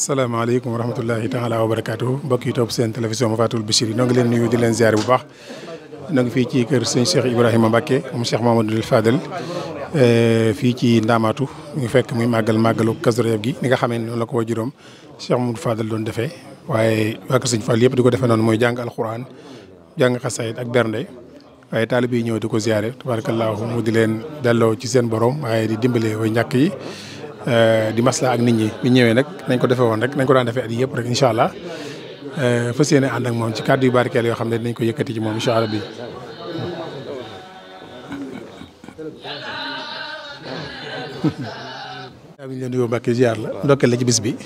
salaamaaleykum wa rahmatullahi taala wa barakaatu mbokk yi topp seen télévision Mafatul Bichri ñoo ngi leen nuyu di leen ziare bu baax ñoo ngi fii ci kër sëñ Cheikh Ibrahima Mbacke moom Cheikh Mamadou Fadel eh, fii ci Ndaamaatu ñu fekk muy màggal màggalu Kazu Rajab gi ni nga xamee noonu la ko waajuram Cheikh Mamadou Fadel doon defee waaye waa kër sëñ Fall yëpp di ko defee noonu mooy jàng alxuraan jàng xasaayid ak bernde waaye taalib yi ñëw di ko ziare tabarakallahu mu di leen delloo ci seen borom waaye di dimbale way yi. Euh, di masla ak nit ñi bi ñëwee nag nañ ko defe woon rek nañ ko daan defe at yii yëpp rek incha allah euh, fas yéene ànd ak moom ci kàddu yu barkeel yoo xam ne dinañ ko yëkkati ci moom incha allah bi daa bi ñu la ndokkeel la bis bi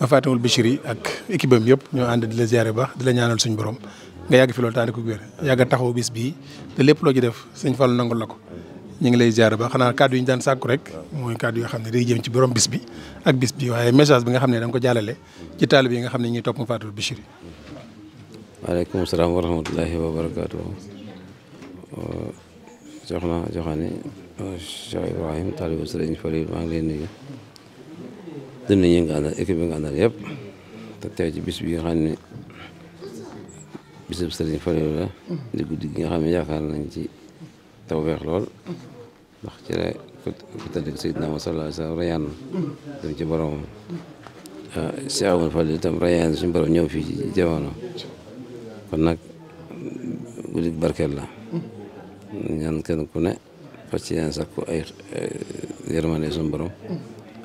ma fàttewul Bichir yi ak équipe am yëpp ñoo ànd di la ziare ba di la ñaanal suñ borom nga yàgg fi loolu tànn ko wér yàgg taxaw bis bii te lépp loo ci def sëñ Fallu nangul la ko ñu ngi lay ziar ba xanaa kàddu yi ñu daan sàkku rek mooy kàddu xam ne day jëm ci borom bis bi ak bis bi waaye message bi nga xam ne da ko jàllale ci taalib yi nga xam ne ñuy topp Mafatihoul Bichri waaleykum salaam wa rahmatullahi wa barakaatu jox na joxaane Cheikh Ibrahim taalibu Sëriñ Falil maa ngi leen nuyu nga àndal équipe bi nga àndal yëpp te teew ci bis bi nga xam ne bisub Sëriñ Falil la di guddi nga xam ne yaakaar nañ ci tawfeex lool ndax ci la ku tëdd Seydina Muhammad sallallahu alayhi wa sallam rayaan dem ci boromam ah, Cheikh Amadou Fall itam rayaan suñu borom ñëw fii ci jamono kon nag guddi barkeel la ñaan kenn ku ne fas ci yéen sax ko ay yërmande suñu borom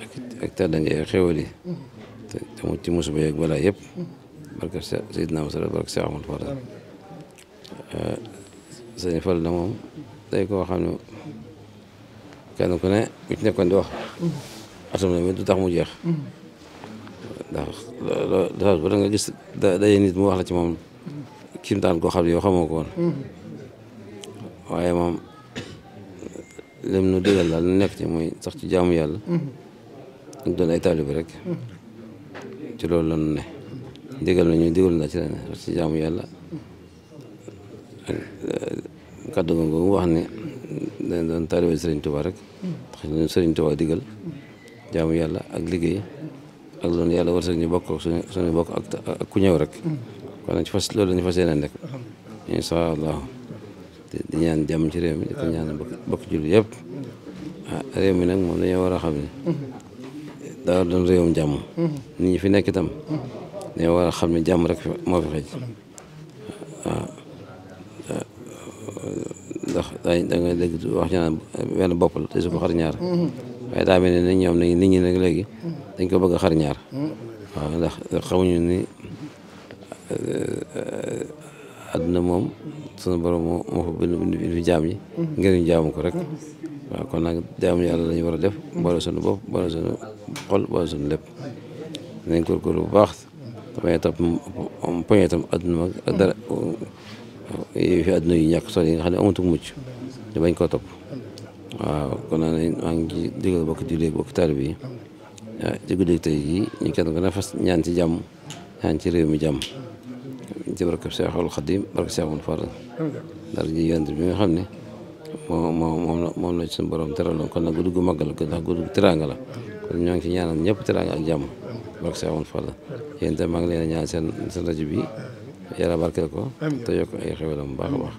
ak ak tedd nga ay xéwal yi te te mu ci musiba yeeg balaa yëpp barke Seydina Muhammad barke Cheikh Amadou Fall ah, sëñ Fall na moom day koo xam ne kenn ku ne bu ci nekkoon di wax atam la du tax mu jeex ndax dafa ba da nga nit mu wax ci moom kim taan koo xam ne yow xamoo ko woon waaye moom lim nu digal nekk ci mooy sax ci jaamu yàlla ñu doon ay rek ci loolu la ñu ne digal na ñu digal na ci ne sax ci jaamu yàlla kàddu googu mu wax ne dañ doon taalibe Sëriñ Tuba rek xëy na Sëriñ Tuba digal jaamu yàlla ak liggéey ak loolu yàlla war ñu bokk suñu suñu bokk ak ak ku ñëw rek kon nag ci fas loolu lañu fas yéene nekk incha di ñaan jàmm ci réew mi di ko ñaan bokk jullit yëpp ah réew mi nag moom dañoo war a xam ne daa doon réewum jàmm nit ñi fi nekk itam dañoo war a xam ne jàmm rek moo fi xëj waaw ah, ah, ndax da nga dégg wax ñu bopp la te su ko xar ñaar waaye nit ñi nag léegi dañ ko bëgg a xar ndax xamuñu ni moom sunu borom moo moo fa bind bind ko rek kon nag jaamu yàlla lañu war a def boole sunu bopp boole sunu xol boole sunu lépp nañ bu baax damay topp poñe itam àdduna mag dara fi àdduna yu ñàkk solo yi nga xam ne amatul mucc te bañ ko topp waaw kon naa ne maa ngi digal bokk julli bokk taalibe bi ci ah, guddi tey jii ñu fas ñaan ci jàmm ñaan ci réew mi jàmm ci barkab Seexul Xadiim barkab Seexul Faadil dara bi nga xam ne moom moom la moom la ci suñu borom teraloon kon nag guddi gu màgg la ndax guddi gu teraanga la kon ñoo ngi ci ñaanal ñëpp teraanga ak jàmm barkab Seexul Faadil yéen itam maa ngi leen a ñaan seen seen rajo bi yàlla barkeel ko te yokk ay xewelam bu baax a baax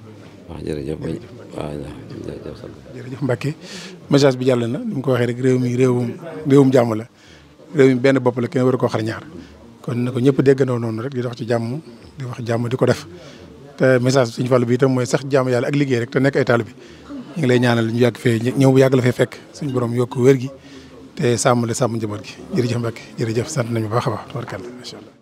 wax jërëjëf ba waaw jërëjëf sant jërëjëf Mbacke message bi jàll na ni mu ko waxee rek réew mi réewum réewum jàmm la réew mi benn bopp la kenn war koo xar ñaar kon na ko ñëpp déggandoo noonu rek di dox ci jàmm di wax jàmm di ko def te message suñu fàllu bi itam mooy sax jàmm yàlla ak liggéey rek te nekk ay taalibe ñu ngi lay ñaanal ñu yàgg fee ñëw bu yàgg la fee fekk suñu borom yokk wér gi te sàmm la sàmm njaboot gi jërëjëf Mbacke jërëjëf sant nañu bu baax a baax tubarkàlla macha allah